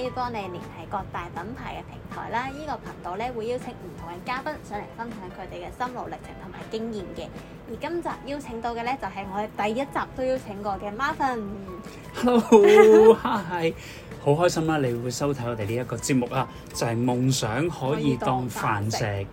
可以幫你聯繫各大品牌嘅平台啦！呢、這個頻道咧會邀請唔同嘅嘉賓上嚟分享佢哋嘅心路歷程同埋經驗嘅。而今集邀請到嘅咧就係我哋第一集都邀請過嘅 Marvin。Hello，Hi，好 開心啦！你會收睇我哋呢一個節目啊，就係、是、夢想可以當飯食。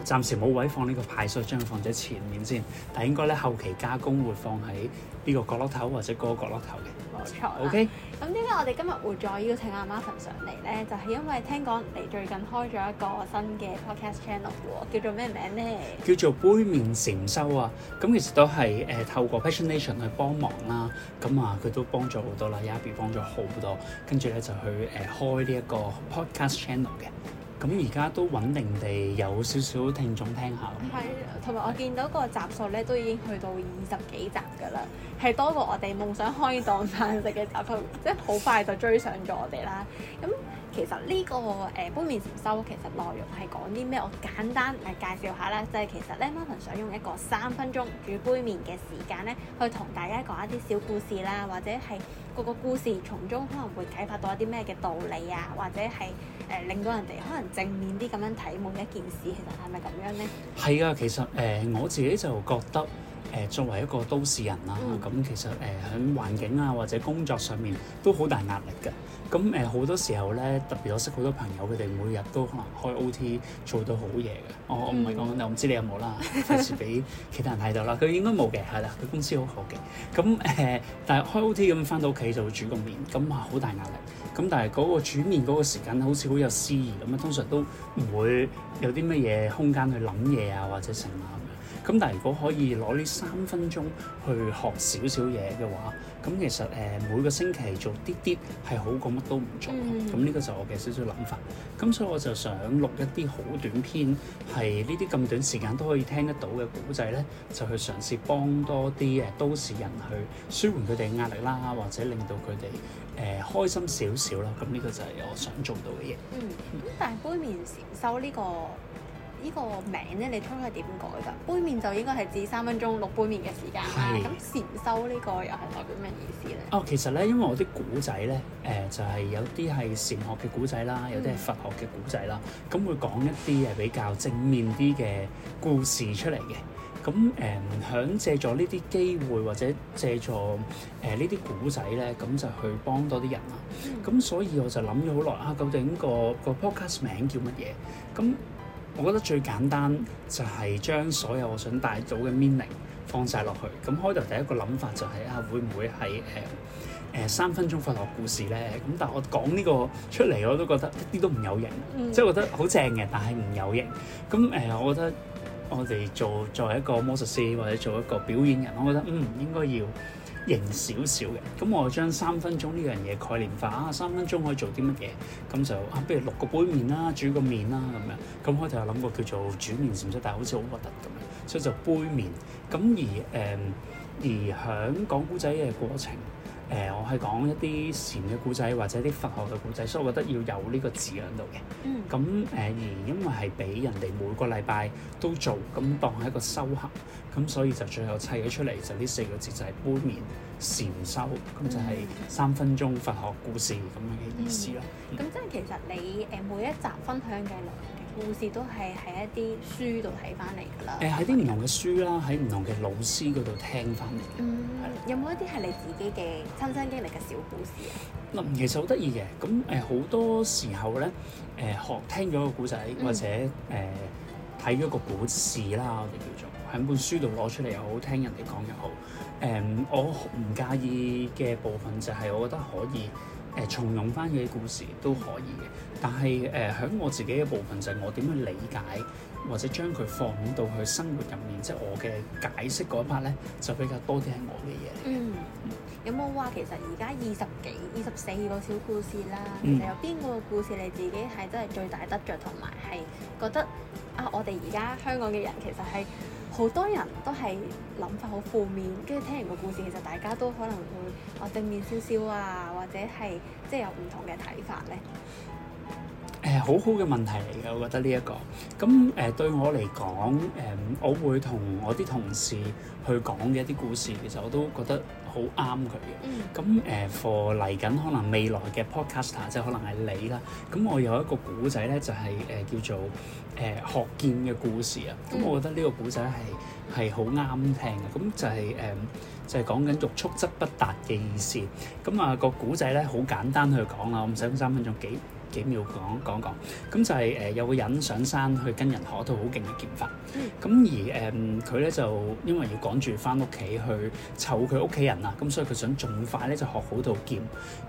暫時冇位放呢個牌術將佢放喺前面先。但係應該咧，後期加工會放喺呢個角落頭或者嗰個角落頭嘅。冇錯。OK。咁點解我哋今日會再邀請阿 Marvin 上嚟咧？就係、是、因為聽講你最近開咗一個新嘅 podcast channel 喎，叫做咩名咧？叫做杯麵禪修啊！咁其實都係誒、呃、透過 Passionation 去幫忙啦。咁啊，佢、啊、都幫咗好多啦，Yabi 幫咗好多。跟住咧就去誒、呃、開呢一個 podcast channel 嘅。咁而家都穩定地有少少聽眾聽下，係，同 埋 我見到個集數咧都已經去到二十幾集㗎啦，係多過我哋夢想可以當飯食嘅集數， 即係好快就追上咗我哋啦。咁其實呢、這個誒、呃、杯麵禪修其實內容係講啲咩？我簡單嚟介紹下啦，就係、是、其實咧，我可能想用一個三分鐘煮杯麵嘅時間咧，去同大家講一啲小故事啦，或者係個個故事從中可能會啟發到一啲咩嘅道理啊，或者係誒、呃、令到人哋可能正面啲咁樣睇每一件事，其實係咪咁樣呢？係啊，其實誒、呃、我自己就覺得。誒作為一個都市人啦，咁、嗯、其實誒喺環境啊或者工作上面都好大壓力嘅。咁誒好多時候咧，特別我識好多朋友，佢哋每日都可能開 OT 做到好夜嘅。哦嗯、我我唔係講緊我唔知你有冇啦。費事俾其他人睇到啦。佢 應該冇嘅，係啦，佢公司好好嘅。咁誒，但係開 OT 咁返到屋企就會煮個麵，咁哇好大壓力。咁但係嗰個煮麵嗰個時間好似好有詩意咁啊，通常都唔會有啲乜嘢空間去諗嘢啊或者成。咁但係如果可以攞呢三分鐘去學少少嘢嘅話，咁其實誒每個星期做啲啲係好過乜都唔做嘅，咁呢、嗯、個就我嘅少少諗法。咁所以我就想錄一啲好短篇，係呢啲咁短時間都可以聽得到嘅古仔咧，就去嘗試幫多啲誒都市人去舒緩佢哋壓力啦，或者令到佢哋誒開心少少咯。咁、這、呢個就係我想做到嘅嘢。嗯，咁但係杯麵禪修呢、這個。呢個名咧，你通常點改啫？杯麵就應該係指三分鐘六杯麵嘅時間啦。咁禪是修呢個又係代表咩意思咧？哦，其實咧，因為我啲古仔咧，誒、呃、就係、是、有啲係禪學嘅古仔啦，有啲係佛學嘅古仔啦，咁、嗯、會講一啲誒比較正面啲嘅故事出嚟嘅。咁誒，響、呃、藉助呢啲機會或者借助誒、呃、呢啲古仔咧，咁就去幫多啲人。咁、嗯、所以我就諗咗好耐啊，究竟呢、那個、那個、podcast 名叫乜嘢？咁我覺得最簡單就係將所有我想帶到嘅 meaning 放晒落去。咁開頭第一個諗法就係啊，會唔會係誒誒三分鐘快樂故事咧？咁但我講呢個出嚟我都覺得一啲都唔有型，嗯、即係覺得好正嘅，但係唔有型。咁誒、呃，我覺得我哋做作為一個魔術師或者做一個表演人，我覺得嗯應該要。型少少嘅，咁我將三分鐘呢樣嘢概念化啊，三分鐘可以做啲乜嘢？咁就啊，比如六個杯麵啦，煮個麵啦咁樣，咁我就有諗過叫做煮麵禪修，但係好似好核突咁，所以就杯麵。咁而誒、呃、而響講古仔嘅過程。誒、呃，我係講一啲禪嘅故仔或者啲佛學嘅故仔，所以我覺得要有呢個字響度嘅。嗯。咁誒，而、呃、因為係俾人哋每個禮拜都做，咁當係一個修行，咁所以就最後砌咗出嚟就呢四個字就係、是、杯麵、禪修，咁就係三分鐘佛學故事咁樣嘅意思咯。咁、嗯嗯、即係其實你誒每一集分享嘅內容。故事都係喺一啲書度睇翻嚟㗎啦。誒喺啲唔同嘅書啦，喺唔同嘅老師嗰度聽翻嚟。嗯。有冇一啲係你自己嘅親身經歷嘅小故事啊？嗱，其實好得意嘅。咁誒好多時候咧，誒、呃、學聽咗個故仔，或者誒睇咗個故事啦、嗯呃，我哋叫做喺本書度攞出嚟又好，聽人哋講又好。誒，我唔介意嘅部分就係，我覺得可以。誒重用翻佢嘅故事都可以嘅，但係誒喺我自己嘅部分就係我點樣理解或者將佢放到去生活入面，即係我嘅解釋嗰一 part 咧，就比較多啲係我嘅嘢。嗯，嗯，有冇話其實而家二十幾、二十四個小故事啦，其實有邊個故事你自己係真係最大得着？同埋係覺得啊？我哋而家香港嘅人其實係。好多人都係諗法好負面，跟住聽完個故事，其實大家都可能會啊正面少少啊，或者係即係有唔同嘅睇法咧。誒、嗯、好好嘅問題嚟嘅，我覺得呢、這、一個咁誒、呃、對我嚟講，誒、嗯、我會同我啲同事去講嘅一啲故事，其實我都覺得好啱佢嘅。咁誒、呃、for 嚟緊可能未來嘅 podcaster，即係可能係你啦。咁我有一個古仔咧，就係、是、誒、呃、叫做誒、呃、學劍嘅故事啊。咁我覺得呢個古仔係係好啱聽嘅。咁就係、是、誒、呃、就係講緊欲速則不達嘅意思。咁啊、呃這個古仔咧好簡單去講啦，我唔使講三分鐘幾。幾秒講講講，咁就係、是、誒、呃、有個人上山去跟人學一套好勁嘅劍法，咁而誒佢咧就因為要趕住翻屋企去湊佢屋企人啊，咁所以佢想盡快咧就學好套劍，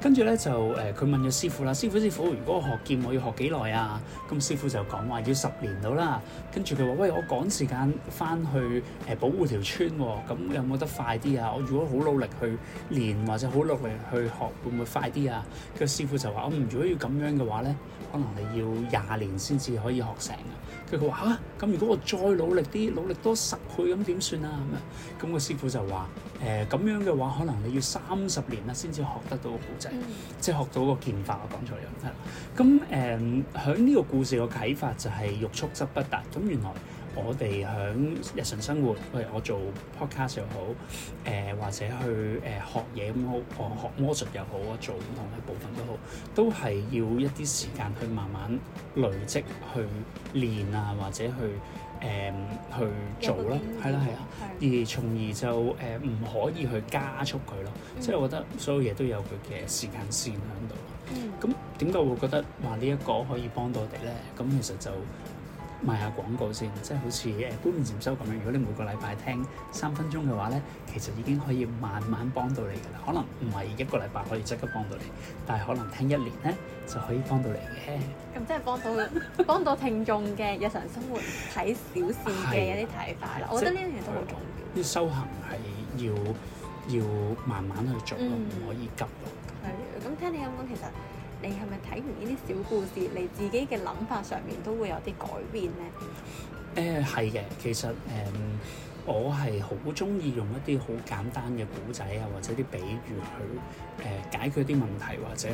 跟住咧就誒佢、呃、問咗師傅啦，師傅師傅，如果我學劍我要學幾耐啊？咁師傅就講話要十年到啦，跟住佢話喂，我趕時間翻去誒保護條村喎、啊，咁有冇得快啲啊？我如果好努力去練或者好努力去學，會唔會快啲啊？個師傅就話我唔如果要咁樣嘅話，話咧，可能你要廿年先至可以學成嘅。佢佢話嚇，咁、啊、如果我再努力啲，努力多十倍咁點算啊？咁樣，咁、mm hmm. 個師傅就話誒，咁、呃、樣嘅話，可能你要三十年啦，先至學得到古仔，mm hmm. 即係學到個劍法啊！講錯咗，係啦。咁誒，響、呃、呢個故事個啟發就係欲速則不達。咁原來。我哋響日常生活，譬如我做 podcast 又好，誒、呃、或者去誒、呃、學嘢咁，我、哦、學魔術又好，我做唔同嘅部分都好，都係要一啲時間去慢慢累積，去練啊或者去誒、呃、去做啦，係啦係啊，啊啊啊而從而就誒唔、呃、可以去加速佢咯，嗯、即係我覺得所有嘢都有佢嘅時間線喺度。咁點解我會覺得話呢一個可以幫到我哋咧？咁其實就。賣下廣告先，即係好似誒杯麵禪修咁樣。如果你每個禮拜聽三分鐘嘅話咧，其實已經可以慢慢幫到你嘅啦。可能唔係一個禮拜可以即刻幫到你，但係可能聽一年咧就可以幫到你嘅。咁真係幫到， 幫到聽眾嘅日常生活睇小事嘅一啲睇法啦。啊、我覺得呢樣嘢都好重要。啲、呃、修行係要要慢慢去做咯，唔、嗯、可以急咯。係咁、嗯啊、聽你咁講其實。你係咪睇完呢啲小故事，你自己嘅諗法上面都會有啲改變咧？誒係嘅，其實誒、嗯、我係好中意用一啲好簡單嘅古仔啊，或者啲比喻去誒、呃、解決啲問題，或者去誒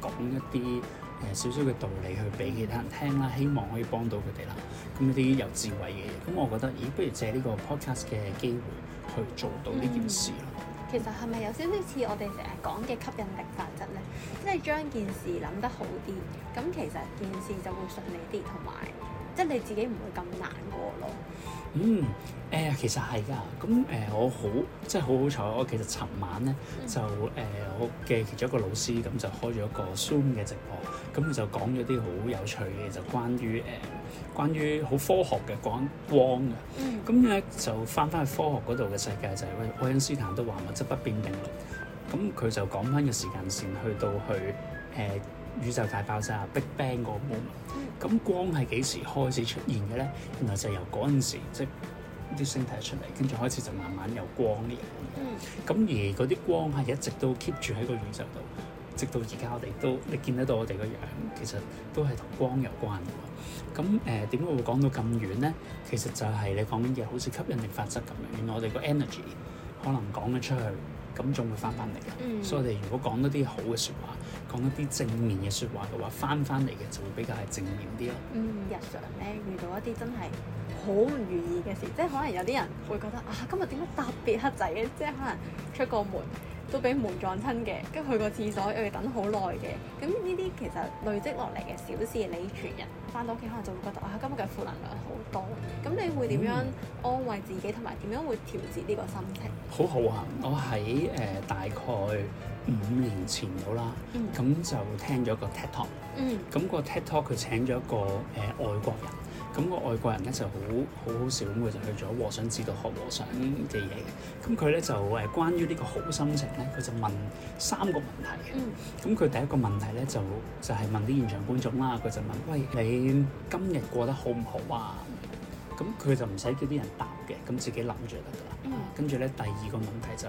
講、呃、一啲誒、呃、少少嘅道理去俾其他人聽啦，希望可以幫到佢哋啦。咁啲有智慧嘅嘢，咁我覺得，咦，不如借呢個 podcast 嘅機會去做到呢件事。嗯。其實係咪有少少似我哋成日講嘅吸引力法則呢？即係將件事諗得好啲，咁其實件事就會順利啲，同埋即係你自己唔會咁難過咯。嗯誒、呃，其實係㗎，咁誒、呃、我好即係好好彩，我其實尋晚咧就誒、呃、我嘅其中一個老師咁就開咗一個 Zoom 嘅直播，咁佢就講咗啲好有趣嘅，就關於誒、呃、關於好科學嘅講光嘅，咁咧、呃、就翻翻去科學嗰度嘅世界就係喂愛因斯坦都話物質不變定律，咁佢就講翻個時間線去到去誒、呃、宇宙大爆炸、就是、Big Bang 嗰個 moment。咁光係幾時開始出現嘅咧？原來就由嗰陣時，即係啲星體出嚟，跟住開始就慢慢有光啲嘢。咁而嗰啲光係一直都 keep 住喺個宇宙度，直到而家我哋都，你見得到我哋個樣，其實都係同光有關。咁誒，點解、呃、會講到咁遠咧？其實就係、是、你講嘅嘢好似吸引力法則咁樣，原來我哋個 energy 可能講得出去。咁仲會翻翻嚟嘅，嗯，所以我哋如果講一啲好嘅説話，講一啲正面嘅説話嘅話，翻翻嚟嘅就會比較係正面啲咯。嗯，日常咧遇到一啲真係好唔如意嘅事，即係可能有啲人會覺得啊，今日點解特別黑仔嘅？即係可能出個門。都俾門撞親嘅，跟住去個廁所又要等好耐嘅，咁呢啲其實累積落嚟嘅小事，你全日返到屋企可能就會覺得啊，今日嘅負能量好多。咁你會點樣安慰自己，同埋點樣會調節呢個心情？好好啊！我喺誒、呃、大概五年前到啦，咁、嗯、就聽咗個 TED Talk 咁個 TED Talk 佢請咗一個誒外、嗯呃、國人。咁個外國人咧就好好好笑，咁佢就去咗和尚寺度，學和尚嘅嘢嘅。咁佢咧就誒關於呢個好心情咧，佢就問三個問題嘅。咁佢、嗯、第一個問題咧就就係問啲現場觀眾啦，佢就問：，喂，你今日過得好唔好啊？咁佢、嗯、就唔使叫啲人答嘅，咁自己諗住得啦。跟住咧第二個問題就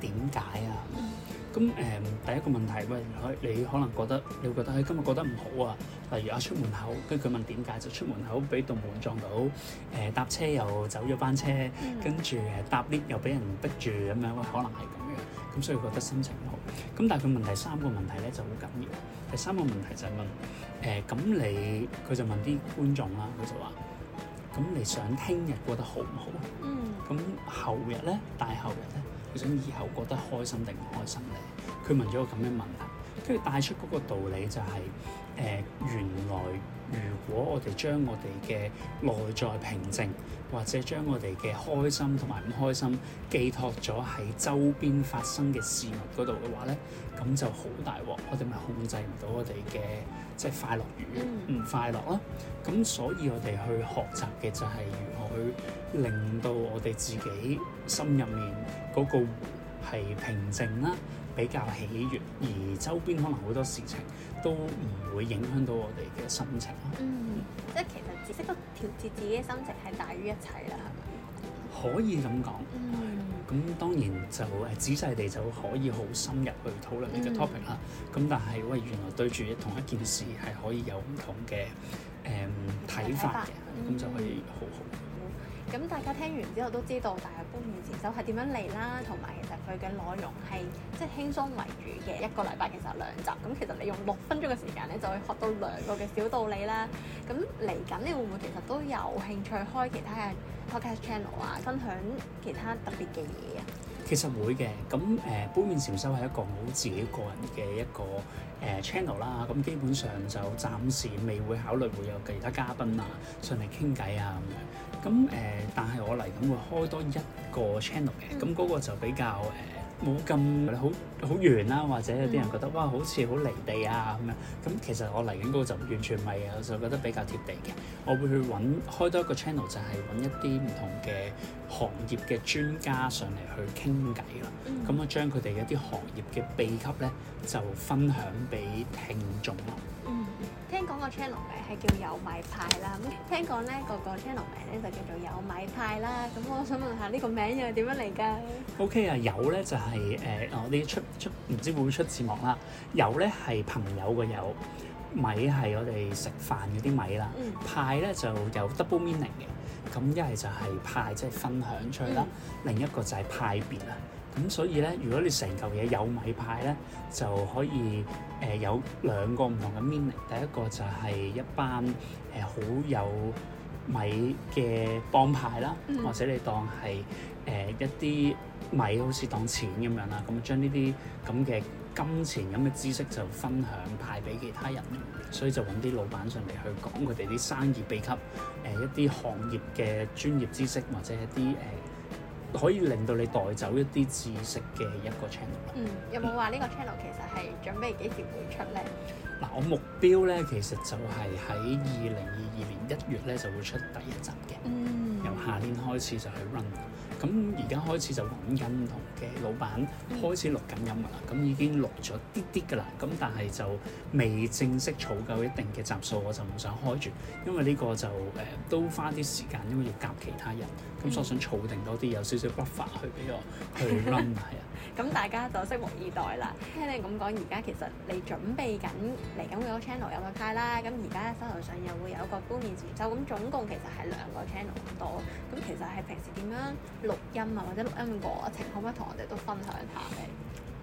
點解啊？嗯咁誒、呃，第一個問題，喂，你可能覺得你會覺得喺今日覺得唔好啊，例如啊出門口，跟住佢問點解，就出門口俾棟門撞到，誒、呃、搭車又走咗班車，嗯、跟住誒搭 lift 又俾人逼住咁樣，可能係咁樣，咁所以覺得心情唔好。咁但係佢問第三個問題咧就好緊要，第三個問題就係問誒，咁、呃、你佢就問啲觀眾啦，佢就話：，咁你想聽日過得好唔好啊？嗯。咁後日咧，但係後日咧？佢想以後覺得開心定唔開心咧？佢問咗個咁嘅問題，跟住帶出嗰個道理就係、是、誒、呃，原來。如果我哋將我哋嘅內在平靜，或者將我哋嘅開心同埋唔開心寄託咗喺周邊發生嘅事物嗰度嘅話咧，咁就好大鑊，我哋咪控制唔到我哋嘅即係快樂與唔快樂咯。咁所以我哋去學習嘅就係如何去令到我哋自己心入面嗰個湖係平靜啦，比較喜悅，而周邊可能好多事情。都唔會影響到我哋嘅心情咯。嗯，即係其實只識得調節自己嘅心情係大於一切啦，係咪？可以咁講。嗯。咁當然就誒仔細地就可以好深入去討論呢個 topic 啦。咁、嗯、但係喂，原來對住同一件事係可以有唔同嘅誒睇法嘅，咁法、嗯、就可以好好。咁大家聽完之後都知道，大嘅杯麵禪修係點樣嚟啦，同埋其實佢嘅內容係即係輕鬆為主嘅一個禮拜，其實兩集。咁其實你用六分鐘嘅時間咧，就會學到兩個嘅小道理啦。咁嚟緊你會唔會其實都有興趣開其他嘅 podcast channel 啊，分享其他特別嘅嘢啊？其實會嘅。咁誒，杯、呃、麵禪修係一個好自己個人嘅一個誒、呃、channel 啦。咁基本上就暫時未會考慮會有其他嘉賓啊上嚟傾偈啊咁樣。咁誒、呃，但係我嚟緊會開多一個 channel 嘅，咁嗰個就比較誒冇咁好好圓啦、啊，或者有啲人覺得哇，好似好離地啊咁樣。咁其實我嚟緊嗰個就完全唔係，我就覺得比較貼地嘅。我會去揾開多一個 channel，就係、是、揾一啲唔同嘅行業嘅專家上嚟去傾偈啦。咁啊、嗯，我將佢哋嘅一啲行業嘅秘笈咧，就分享俾聽眾咯。聽講個 channel 名係叫有米派啦。咁聽講咧，個個 channel 名咧就叫做有米派啦。咁我想問下呢個名又係點樣嚟㗎？O K 啊，okay，有咧就係、是、誒、呃、我哋出出唔知會唔會出字幕啦。有咧係朋友嘅有，米係我哋食飯嗰啲米啦。嗯、派咧就有 double meaning 嘅。咁一係就係派，即係分享出去啦，嗯、另一個就係派別啦。咁所以咧，如果你成嚿嘢有米派咧，就可以誒、呃、有兩個唔同嘅 meaning。第一個就係一班誒、呃、好有米嘅幫派啦，嗯、或者你當係誒、呃、一啲米好似當錢咁樣啦。咁將呢啲咁嘅金錢咁嘅知識就分享派俾其他人。所以就揾啲老闆上嚟去講佢哋啲生意秘笈，誒、呃、一啲行業嘅專業知識或者一啲誒。呃可以令到你帶走一啲知識嘅一個 channel。嗯，有冇話呢個 channel 其實係準備幾時會出咧？嗱，我目標咧其實就係喺二零二二年一月咧就會出第一集嘅。嗯，由下年開始就係 run。嗯嗯。咁而家開始就揾緊唔同嘅老闆，開始錄緊音啦。咁已經錄咗啲啲㗎啦，咁但係就未正式儲夠一定嘅集數，我就唔想開住，因為呢個就誒都花啲時間，因為要夾其他人。咁所以想儲定多啲，有少少 buffer 去俾我去冧係啊。咁大家就拭目以待啦。聽你咁講，而家其實你準備緊嚟緊個 channel 有個派啦。咁而家手頭上又會有一個杯麵禪，就咁總共其實係兩個 channel 咁多。咁其實係平時點樣？錄音啊，或者錄音過程、啊、可唔可以同我哋都分享一下咧？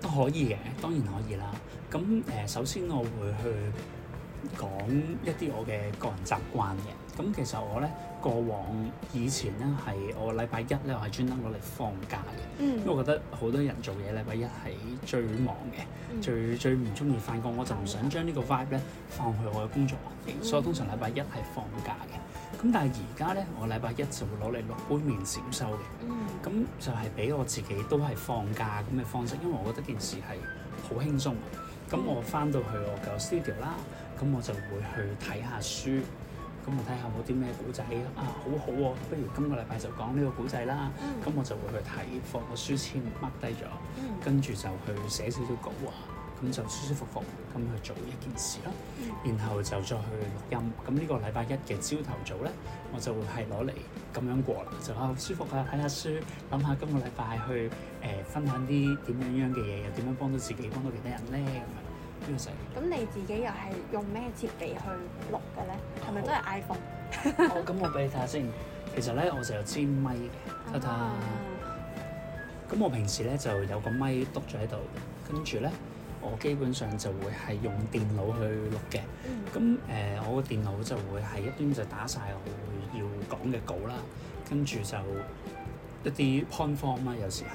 都可以嘅，當然可以啦。咁誒、呃，首先我會去講一啲我嘅個人習慣嘅。咁其實我咧過往以前咧係我禮拜一咧我係專登攞嚟放假嘅，嗯、因為我覺得好多人做嘢禮拜一係最忙嘅、嗯，最最唔中意返工。我就唔想將呢個 vibe 咧放去我嘅工作環境，嗯、所以我通常禮拜一係放假嘅。咁、嗯、但係而家咧，我禮拜一就會攞嚟錄杯麵禪修嘅，咁、嗯、就係俾我自己都係放假咁嘅方式，因為我覺得件事係好輕鬆。咁、嗯、我翻到去我嘅 studio 啦，咁我就會去睇下書。咁我睇下冇啲咩古仔咯，啊好好喎，啊，不如今個禮拜就講呢個古仔啦。咁、嗯、我就會去睇，放個書籤 mark 低咗，跟住就去寫少少稿，稿啊。咁就舒舒服服咁去做一件事啦。啊嗯、然後就再去錄音。咁呢個禮拜一嘅朝頭早咧，我就會係攞嚟咁樣過啦，就啊，好舒服啊，睇下書，諗下今個禮拜去誒、呃、分享啲點樣樣嘅嘢，又點樣幫到自己，幫到其他人咧。啊咁、就是、你自己又係用咩設備去錄嘅咧？係咪、oh. 都係 iPhone？哦， 咁、oh, 我俾你睇下先。其實咧，我就有支咪嘅，睇睇！咁 我平時咧就有個咪督咗喺度，跟住咧我基本上就會係用電腦去錄嘅。咁誒、嗯呃，我個電腦就會係一邊就打晒我會要講嘅稿啦，跟住就一啲 point form 啊，有時候。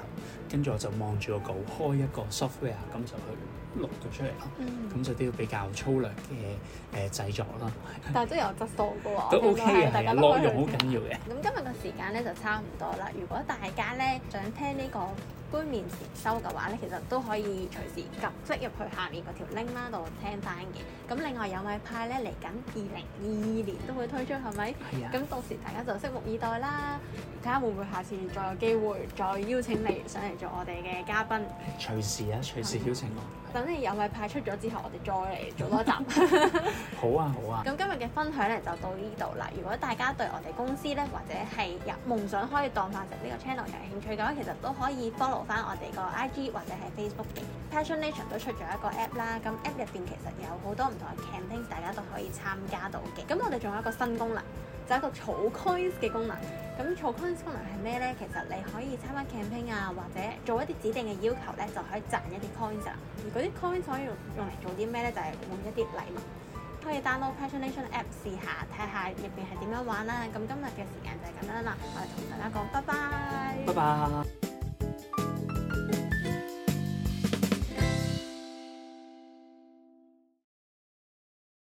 跟住我就望住個稿，開一個 software，咁就去錄咗出嚟咯。咁就都要比較粗略嘅誒製作啦。但係都有質素嘅喎，都 OK 嘅。內容好緊要嘅。咁今日個時間咧就差唔多啦。如果大家咧想聽呢個杯麵禪修嘅話咧，其實都可以隨時撳即入去下面嗰條 link 啦度聽翻嘅。咁另外有米派咧嚟緊二零二二年都會推出，係咪？係啊。咁到時大家就拭目以待啦。睇下會唔會下次再有機會再邀請你上嚟。做我哋嘅嘉賓隨時啊，嗯、隨時邀請咯。等你有位派出咗之後，我哋再嚟做多集。 好啊，好啊。咁今日嘅分享咧就到呢度啦。如果大家對我哋公司咧，或者係有夢想可以當飯食呢個 channel 有，有興趣嘅話，其實都可以 follow 翻我哋個 IG 或者係 Facebook 嘅。Passionation 都出咗一個 app 啦。咁 app 入邊其實有好多唔同嘅 campaign，大家都可以參加到嘅。咁我哋仲有一個新功能。就一個儲 coins 嘅功能，咁儲 coins 功能係咩咧？其實你可以參加 camping 啊，或者做一啲指定嘅要求咧，就可以賺一啲 coins 啦。而嗰啲 coins 可以用用嚟做啲咩咧？就係、是、換一啲禮物。可以 download Passionation app 試下，睇下入邊係點樣玩啦。咁今日嘅時間就係咁樣啦，我哋同大家講，拜拜，拜拜。